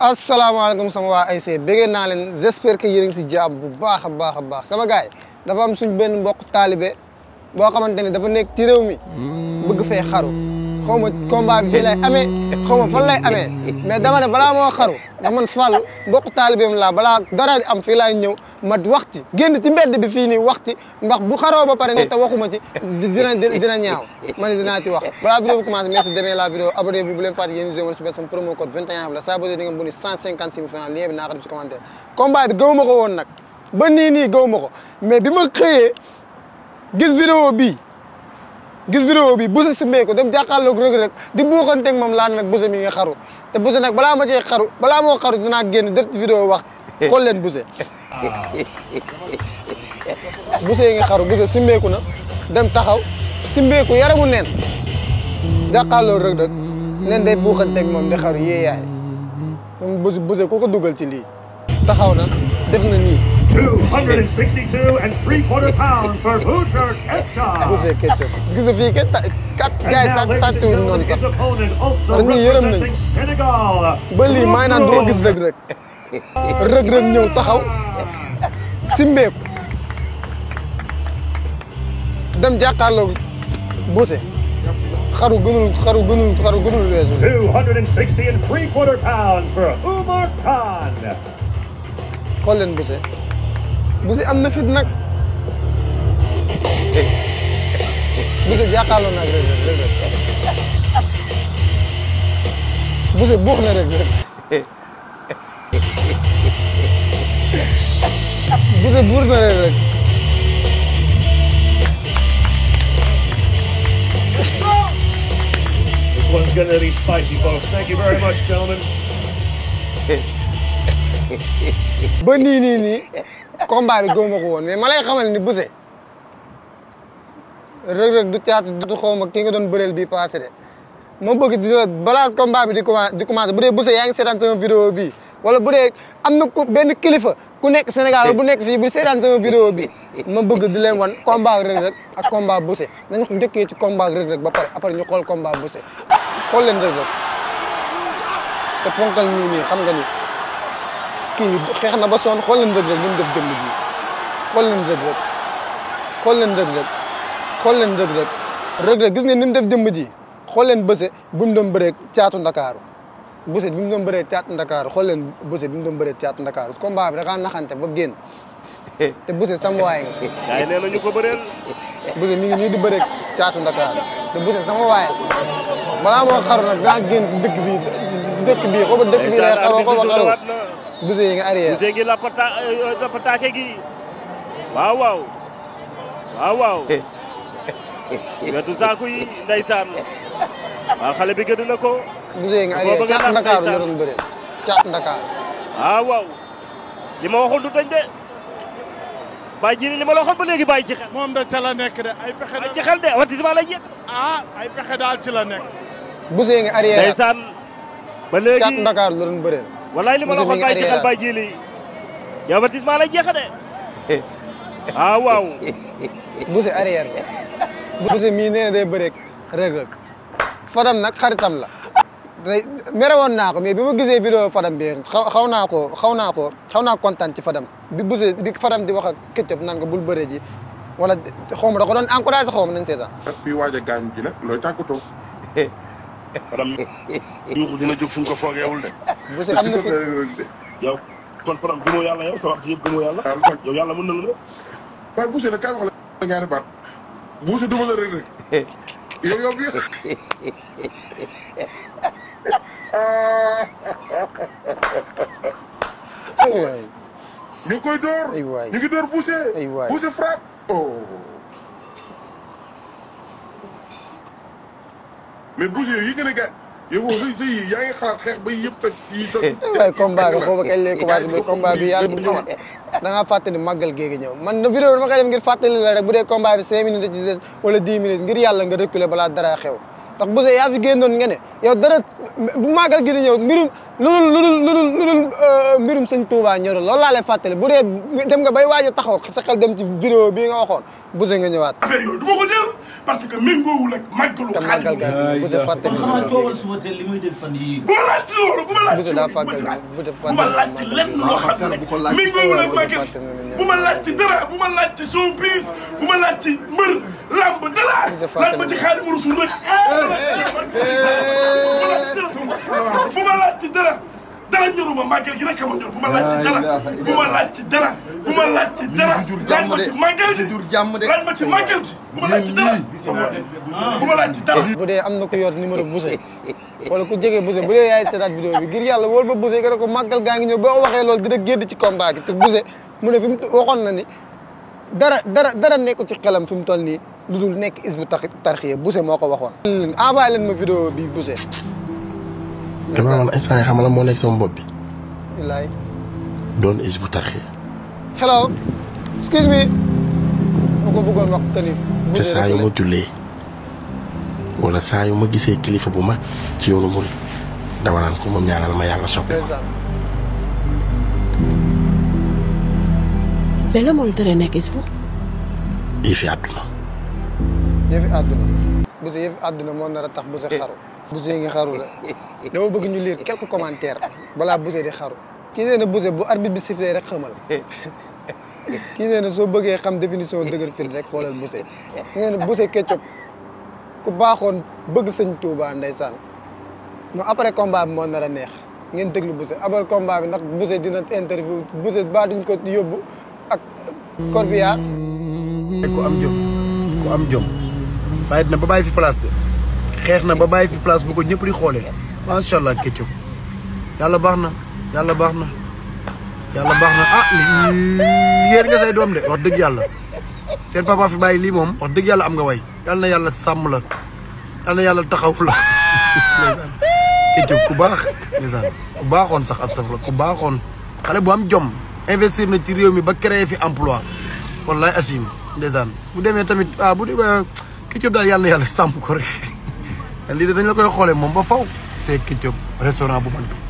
asalaamaaleykum sama waa ASC bëggee naa leen j'espère que yéen a ngi si jàmm bu baax a baax a baax sama gars yi dafa am suñ benn mbokk taalibe boo xamante ni dafa nekk ci réew mi mm. bëgg fee xaru xaw ma combat bi fii lay amee xaw ma dama ne balaa moo xaru ndax man Fall mbokk taalibeem laa balaa dara di am fii laay ñëw ma waxti génn ci mbedd bi fii nii waxti ndax bu xaroo ba pare nga te waxuma ci dina dina ñaaw man dinaa ci wax balaa vidéo bi commencé merci demee la vidéo abonné bu bu leen fàtte yéen jomar si benn promo code 21 la saa boo di nii nii gaw ma ko mais bi ma xëyee gis vidéo bii gis vidéo bi Boucher simmeeku dem jàkkaarloog Reug Reug di buuxanteeg moom laan nag Boucher mi nga xaru te Boucher nag balaa ma cee xaru balaa moo xaru dinaa génn def ci vidéo wax xool leen Boucher yi nga xaru simmeeku na dem taxaw simbeeku yaramu neen jàkkaarloog Reug Reug neen day buuxanteeg moom di xaru yéeyaay moom buse Boucher ku ko dugal ci lii taxaw na def na nii 262 and 3 quarter pounds for Butcher Ketchup. Butcher Ketchup. Gusto fi ka ta kat guy ta ta tu non sa. Ani yeram nañ. Senegal. Ba li may naan doo gis rek rek. Rek rek ñew taxaw. Dem jàkkaarloo Bousse. xaru gënul xaru gënul xaru gënul weesu. 260 and three quarter pounds for Umar Khan. xool leen Bousse. am na fit rek rek na rek rek na rek rek This one's going to be spicy, folks. Thank you very much, gentlemen. ba nii nii nii combat bi góoma ko woon mais ma lay ni Bousse Reug Reug du caat du xawma ki nga doon bëreel bi passé de ma bëgg di balaa combat bi di commencé di commencé bu dee Bousse yaa ngi seetaan sama vidéo bii wala bu dee am na ku benn kilifa ku nekk senegal bu nekk fii bu seetaan sama vidéo bi ma bëgg di leen wan combat Reug Reug ak combat Bousse nañ ko njëkkee ci combat rek Reug ba pare après ñu xool combat Bousse xool leen Reug Reug te ponkal nii nii xam nga ni kii xeex na ba sonn xool leen Reug Reug ni mu def jëmm ji xool leen Reug Reug xool leen Reug Reug xool leen Reug Reug Reug Reug gis ngeen ni mu def jëmm ji xool leen bëse bi mu doon bëree caatu ndakaaru bëse bi mu doon bëree caatu ndakaaru xool leen bëse bi mu doon bëree caatu ndakaaru combat bi da kaa naxante ba génn te bëse sama waay nga. gars yi nee na ñu ko bëreel. bëse mi ngi nii di bëree caatu ndakaaru te bëse sama waay la balaa moo xaru nag daa génn ci dëkk bii ci dëkk bii xoba dëkk bii lay xaroo xoba xaroo Bouzé yi nga arrière Bouzé gi lapata gi waaw waaw waaw waaw wetu saako yi ndeysaan waaw xale bi gëdd na ko Bouzé yi nga arrière caat Ndakaaru la doon bëre caat Ndakaaru waaw waaw li ma waxoon du dañ de bàyyi ji li la waxoon ba léegi bàyyi ci xel moom da ca de ay pexe daal ci xel de avertissement lay jeex ah, ay pexe daal ci la nekk Bouzé yi nga arrière ba léegi caat Ndakaaru la doon wallaay li ma la waxoon bàyyi ci xel bàyyi jiili ci avertissement jeexa de ah waaw Bousse arrière Bousse mii nee na day bëreeg Fadam nag xaritam la day mere woon naa ko mais bi ma gisee vidéo Fadam bi xaw xaw naa ko xaw naa ko xaw naa kontaan ci Fadam bi Bousse bi Fadam di wax ak Ketchup naan ko bul bëree ji wala xaw ma da ko doon encouragé xaw ma nañ seetaan kuy waaj a gaañ ji nag looy tàggatoo Fadam yuuxu dina jóg fu ñu ko de monsieur am na fi yow kon faram gëmoo yàlla yow sa wax ji yëpp gëmoo yàlla. yow yàlla mën na lu ne. waaye monsieur nag wax la ñaari baat duma la rek yow yow bi ñu koy door. ñu ngi door frappe. oh. mais yi ba yëpp ak yi toog. Eh, waaye ba combat bi yàlla bu xamat da ngaa fàttali màggal géegi ñëw man na vidéo dama koy def ngir fàttali la bu dee combat bi cinq minutes ci des wala dix minutes ngir yàlla nga reculer balaa dara xew ndax bu see yaa fi génnoon nga ne dara bu màggal gi di ñëw mbirum lu dul lu mbirum seigne Touba ñoro lool la lay fatale bu dee dem nga bay waaj a taxaw sa xel dem ci vidéo bi nga waxoon buse nga ñëwaat affaire yooyu du ko jël parce que méngoowul ak màggalu xaalis bu buse fàttali kon xamaa coowal suba teel li fan yi bu ma ci loolu bu ma laaj buse daa fàggal buse bu ma laaj ci lenn loo xam ne méngoowul ak màggal bu ma laaj ci dara bu ma laaj ci showbiz bu ma laaj ci mbër lamb dara laaj ci xaalis rusul rek bu ma laaj ci dara dara ñoruma màggal gi rek ma ñor bu ma laaj ci dara bu ma laaj dara bu ma laaj dara laaj ma ci màggal bu ma laaj dara bu ma laaj dara bu dee am na ko yor numéro Bousse wala ku jege Bousse bu dee yaay seetaat vidéo bi ngir yàlla wóor ba Bousse nga ne ko màggal gaa ngi ñëw boo waxee loolu dina génn ci combat gi te Bousse mu ne fi mu na ni dara dara dara nekku ci xelam fi mu toll nii lu dul nekk is bu tarxiya Bousse moo ko waxoon envoyé leen ma vidéo bi Bousse damaa man instant yi xam la moo nekk sama bopp bi. te saa yu ma jullee wala saa ma gisee kilifa bu mag ci yoonu murid dama naan ko moom ñaanal ma yàlla soppi ma. mais lan moo la tere nekk is bu. yëfi àdduna. àdduna. Boucher ngi xaru la dama bëgg ñu lire quelques commentaires balaa Boucher di xaru kii nee na bu arbitre bi sifflé rek xamal kii nee soo bëggee xam définition dëgër fit rek xoolal Boucher nee na Boucher Ketchup ku baaxoon bëgg sëñ Touba ndeysaan non après combat bi moo nar a neex ngeen déglu Boucher après combat bi ndax Boucher dina interview Boucher baa duñ ko yóbbu ak corbillard ku am jom ku am jom fayit na ba bàyyi fi place de xeex na ba bàyyi fi place bu ñëpp di xoolee macha allah Ketchup yàlla baax na yàlla baax na yàlla baax na ah yéen nga say doom de wax dëgg yàlla seen papa fi bàyyi lii moom wax dëgg yàlla am nga way yal yàlla sàmm la yal na yàlla taxaw la ndeysaan Ketchup ku baax ndeysaan ku baaxoon sax asaf la ku baaxoon xale bu am jom investir na ci réew mi ba créer fi emploi wallaay asim ndeysaan bu demee tamit ah bu dee Ketchup daal yàlla yàlla sàmm ko rek lii de dañ la koy xoolee moom ba faw c'est Ketchup restaurant bu mag bi